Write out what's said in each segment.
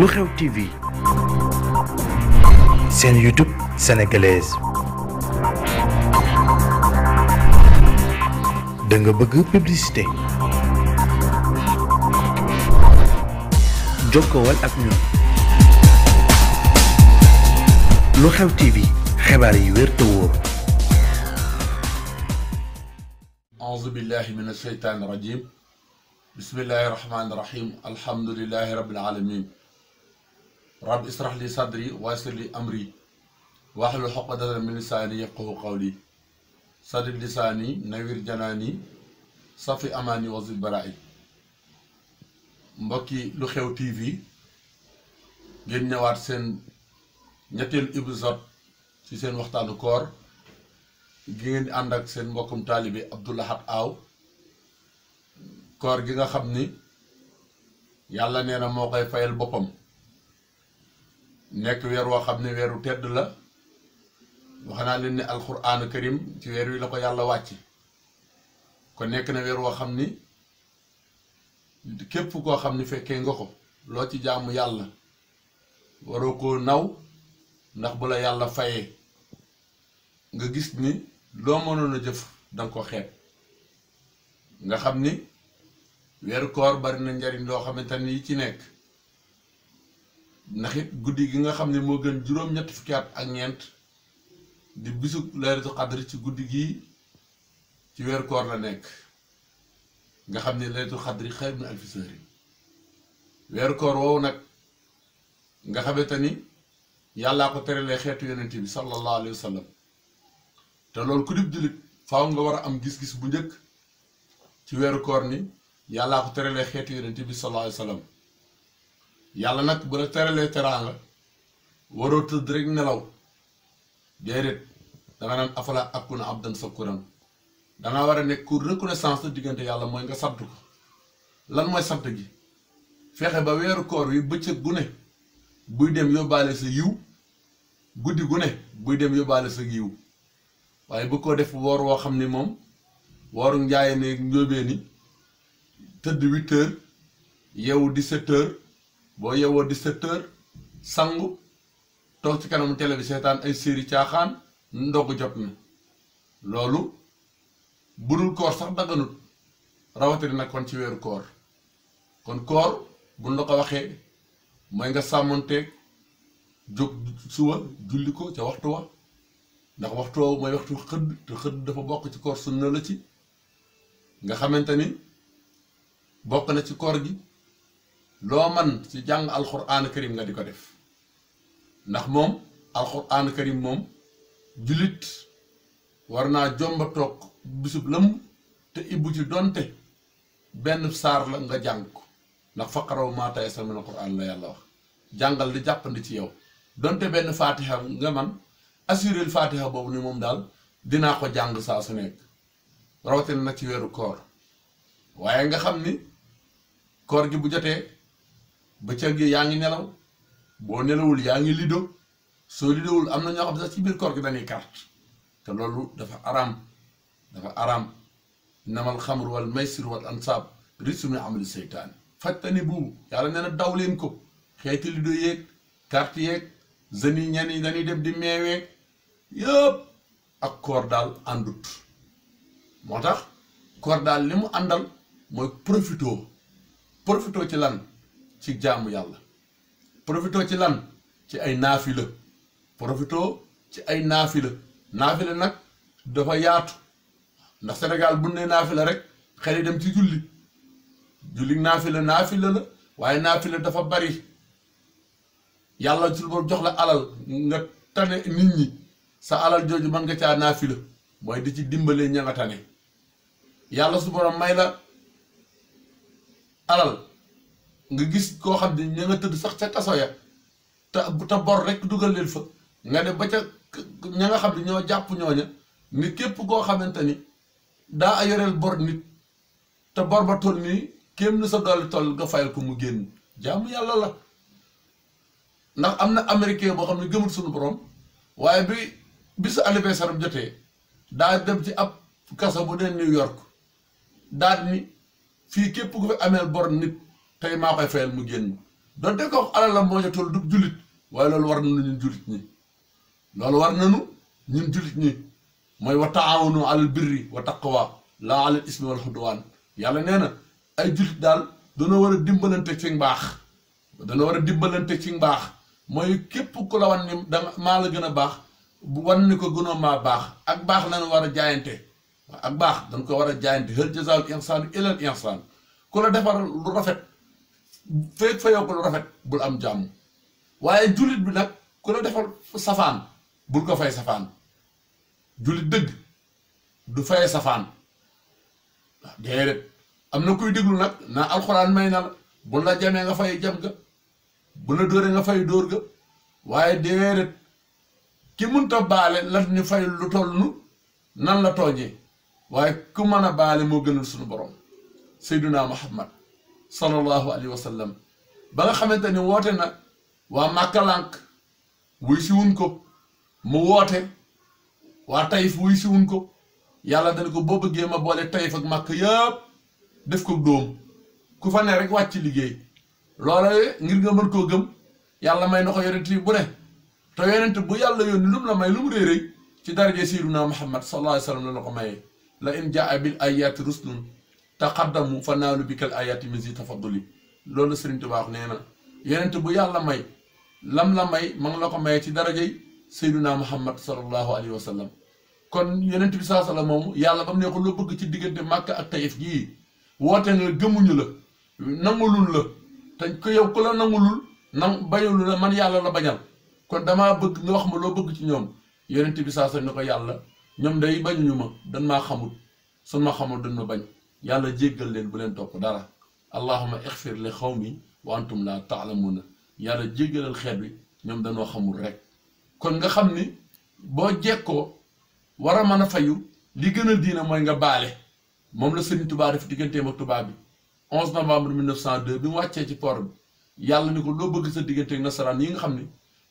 lu xew TV seen YouTube sénégalaise da nga bëgg publicité jokkowal ak ñun lu xew TV xibaar yi wér te wóor. aouzu billahi min asheytaani rajim bismillahi rahmaani rahim alhamdulillahi rabbil alamin rabbi israh li sadri waysir li amri waxlul xoqadatan min lisaani yafqahu qawli sadid lisaani nawir janaani safi amaani wasil baraay mbokki lu xew tv ngeen ñëwaat seen ñetteelu épisode ci seen waxtaanu koor gi ngeen di ànd ak seen mbokkum taalibe Abdou Lahad Aw koor gi nga xam ni yàlla nee na moo koy fayal boppam nekk weer woo xam ne weeru tedd la wax naa leen ne alxuraanu karim ci weer wi la ko yàlla wàcc kon nekk na weer woo xam ni képp koo xam ni fekkee nga ko loo ci jàmm yàlla waroo koo naw ndax bu la yàlla fayee nga gis ni loo mënoon a jëf danga ko xeeb nga xam ni weeru koor bari na njariñ loo xamante ni yi ci nekk ndax it guddi gi nga xam ne moo gën juróom-ñett fukki ak ñeent di bisu laylatu xadri ci guddi gi ci weeru koor la nekk nga xam ne laylatu xadri xayr min alfi sahri weeru koor woowu nag nga xamante ni yàllaa ko terelee xeetu yonent bi sallallahu alayhi wa te lool ku dib jullit faaw nga war a am gis-gis bu njëkk ci weeru koor ni yàllaa ko terelee xeetu yonent bi sallallahu alayhi wa sallam yàlla nag bu la teralee teraanga waroo tëdd rek nelaw déedéet danga naan afala akuna abdan sakuran danga war a nekk ku reconnaissance diggante yàlla mooy nga sant ko lan mooy sant gi fexe ba weeru koor wi bëccëg gu ne buy dem yóbbaale sa yiw guddi gu ne buy dem yóbbaale sa yiw waaye bu ko def woor woo xam ni moom wooru njaaye ne njóobee ni tëdd huit heures yeewu dix-sept heures boo yeewoo di heures sangu toog ci kanamu télé bi seetaan ay série caaxaan ndogg jot na loolu budul koor sax daganut rawatina nag kon ci weeru koor kon koor buñ la ko waxee mooy nga sàmmonteeg jóg suba julli ko ca waxtu wa ndax waxtu wa mooy waxtu xëdd te xëdd dafa bokk ci koor sunna la ci nga xamante ni bokk na ci koor gi loo man ci jàng alxuraan karim nga di ko def ndax moom alxuraan karim moom jullit war naa jomba toog bisub lëmm te ibbu ci donte benn saar la nga jàng ko ndax faqaraw maa tayassara mina alxuraan la yàlla wax jàngal di jàppandi ci yow donte benn faatiha nga man assurel faatiha boobu ni moom daal dinaa ko jàng saa su nekk rawatina nag ci weeru koor waaye nga xam ni koor gi bu jotee bëccëg gi yaa ngi nelaw boo nelawul yaa ngi lido soo lidowul am na ñoo xam sax ci biir koor gi dañuy kart te loolu dafa araam dafa araam namal xamr wal maysir wal ansaab rijsun min seytaan seytaan fajtani bu yàlla nee na daw leen ko xeeti lido yeeg carte yeeg jeunes yi ñenn dem di meeweeg yëpp ak koor daal àndut moo tax koor daal li mu àndal mooy profito profito ci lan ci jaamu yàlla profito ci lan ci ay naafila profito ci ay naafila naafila nag dafa yaatu ndax Sénégal bu ne naafila rek xel yi dem ci julli julli naafila naafila la waaye naafila dafa bari yàlla ci boobu jox la alal nga tane nit ñi sa alal jooju mën nga caa naafila mooy di ci dimbalee ña yàlla su borom may la alal nga gis koo xam ne ña nga tëdd sax ca kaso ya te te bor rek dugal leen fa nga ne ba ca ña nga xam ne ñoo jàpp ñooña ni képp koo xamante ni daa a yoreel bor nit te bor ba toll nii kéem na sa doole toll nga fayal ko mu génn jaamu yàlla la ndax am na américain boo xam ne gëmul sunu borom waaye bi bisu anniversaire am jotee daa dem ci ab kaso bu dee New York daal ni fii képp ku fi ameel bor nit tey maa koy fayal mu génn donte ko alalam moo ca du jullit waaye loolu war nañu ñun jullit ñi loolu war nañu ñun jullit mooy wa taawanu alal birri wa taqwa laa alal ismi wal yàlla nee na ay jullit daal dana war a dimbalante ci mbaax dana war a dimbalante ci mbaax mooy képp ku la wan ni dama maa la gën a baax bu wan ni ko gënoo baax ak baax lañ war a jaayante ak baax dañ ko war a jaayante hal jazaa'ul insaani illal ihsaan ku la defar lu rafet. fekk fayoo ko lu rafet bul am jàmm waaye jullit bi nag ku la defal safaan bul ko fay safaan jullit dëgg du fay safaan waaw am na kuy déglu nag naa alxuraan may na la bu la jamee nga fay jam ga bu la dóoree nga fay dóor ga waaye déedéet ki munta baale lan ñu fay lu toll nan la tooñee waaye ku mën a baale moo gënal sunu borom Seydunaa Muhammad sallallahu alayhi wa sallam ba nga xamante ni woote na waa Màkka lànk wuy si wuñ ko mu woote waa Tayif wuy si wuñ ko yàlla dana ko boo bëggee ma boole Tayif ak Màkka yëpp def ko dóom ku fa ne rek wàcc liggéey loola ngir nga mën koo gëm yàlla may na ko yonent bu ne te yonent bu yàlla yónni lu la may lu mu réeréy ci daraje sayyiduna Muhammad sallallahu alayhi wa sallam la la ko mayee la in jaa bil ayaati taqaddamu fa naalu bikal ayati min si tafadduli loolu la Sëriñ Tuubaa wax nee na yenent bu yàlla may lam la may ma ngi la ko maye ci darajay Seyduna Muhammad sallallahu alayhi wa sallam kon yenent bi saa la moom yàlla ba mu ne ko loo bëgg ci diggante Màkka ak Tayif gii woote nga gëmuñu la nangulul la te ku yow ku la nangulul nang bañulu la man yàlla la bañal kon damaa bëgg nga wax ma loo bëgg ci ñoom yenent bi saa sala ko yàlla ñoom day bañuñu ma dan maa xamul sun ma xamul dan bañ yàlla jéggal leen bu leen topp dara allahuma ixfir li xawmi wa antum laa taalamuuna yàlla jéggalal xeet bi ñoom dañoo xamul rek kon nga xam ni boo jekkoo war a mën a fayu li gën a diina mooy nga baale moom la Sëriñ Tuubaa def digganteem ma tubaab bi 11 novembre 1902 bi mu wàccee ci port bi yàlla ni ko loo bëgg sa digganteeg nasaraan yi nga xam ni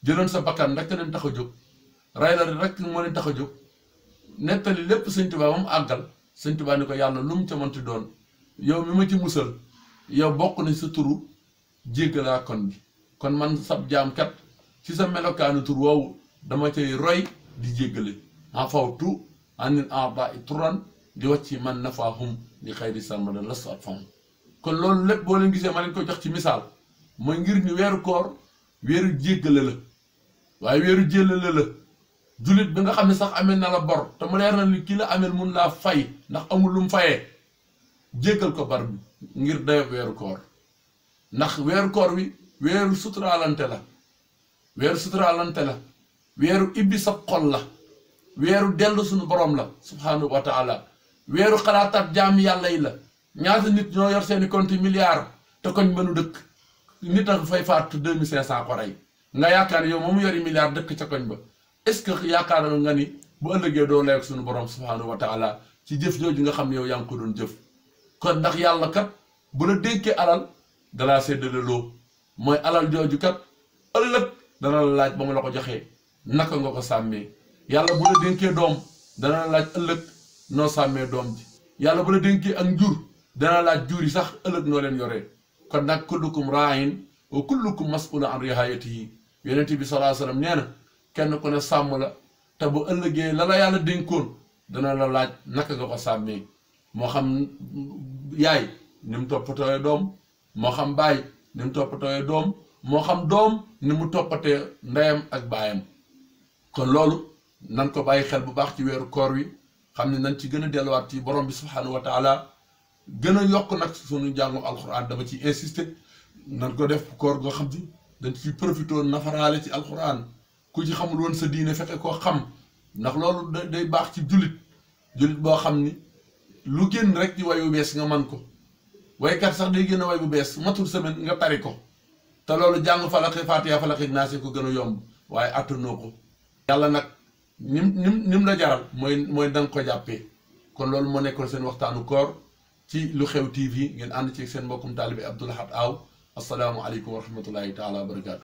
jëloon sa bakkan rek leen tax a jóg rey la rek moo leen tax a jóg nettali lépp Sëriñ Tuubaa moom àggal sëñ Tuubaa ni ko yàlla lu mu ca mënti doon yow mi ma ci musal yow bokk na sa turu jéggalaa kon bi kon man sab jaamkat ci sa melokaanu tur woowu dama cay roy di jéggale en fawtu anil en ba i turan di wax ci man nafaahum li xayri sarmada las ak fam kon loolu lépp boo leen gisee ma leen ko jox ci misaal mooy ngir ñu weeru koor weeru jéggale la waaye weeru jéllale la jullit bi nga xam ne sax amee na la bor te mu leer na ni kii la amel mun naa fay ndax amul lu mu fayee jéggal ko bar bi ngir dayo weeru koor ndax weeru koor wi weeru suturaalante la weeru suturaalante la ibbi sa xol la weeru dellu suñu boroom la subhaanahu wa taala weeru xalaataat jaam yàlla yi la ñaata nit ñoo yor seeni compte milliards te koñ mënu dëkk nit a fay faatu deux mille cinq cent ko rey nga yaakaar yow moom yori milliard dëkk ca koñ ba est-ce que yaakaar nga ni bu ëllëgee doo lay ak suñu borom subhaanahu wa taala ci jëf jooju nga xam ne yow yaa ngi ko doon jëf kon ndax yàlla kat bu la dénkee alal dalaa séddale loo mooy alal jooju kat ëllëg dana laaj ba mu la ko joxee naka nga ko sàmmee yàlla bu la dénkee doom dana laaj ëllëg noo sàmmee doom ji yàlla bu la dénkee ak njur dana laaj jur yi sax ëllëg noo leen yore kon nag kullukum raayin wa kullukum mas'uulun an rihaayatihi yonent bi sallallahu alayhi wa sallam kenn ko ne sàmm la te bu ëllëgee la la yàlla dénkoon dana la laaj naka nga ko sàmmee moo xam yaay ni mu toppatooyee doom moo xam baay ni mu toppatooyee doom moo xam doom ni mu toppatee ndeyam ak baayam kon loolu nan ko bàyyi xel bu baax ci weeru koor wi xam ne nañ ci gën a delluwaat ci borom bi subhanahu wa gën a yokk nag suñu jàngu alxuraan dama ci insister nan ko def koor goo xam ni dañ ci profité nafaraale ci alxuraan. ku ci xamul woon sa diine fexe ko xam ndax loolu day baax ci jullit jullit boo xam ni lu génn rek ci wayu bees nga man ko waykat sax day génn way bu bees matul semaine nga tari ko te loolu jàng falaki faatiya falaki naasi ko gën a yomb waaye attanoo ko yàlla nag nim nim nim la jaral mooy mooy danga ko jàppee kon loolu moo nekkoon seen waxtaanu koor ci lu xew TV ngeen ànd ci seen mbokkum taalibe Abdou Lahad Aw asalaamualeykum wa rahmatullahi taala wa barakaatu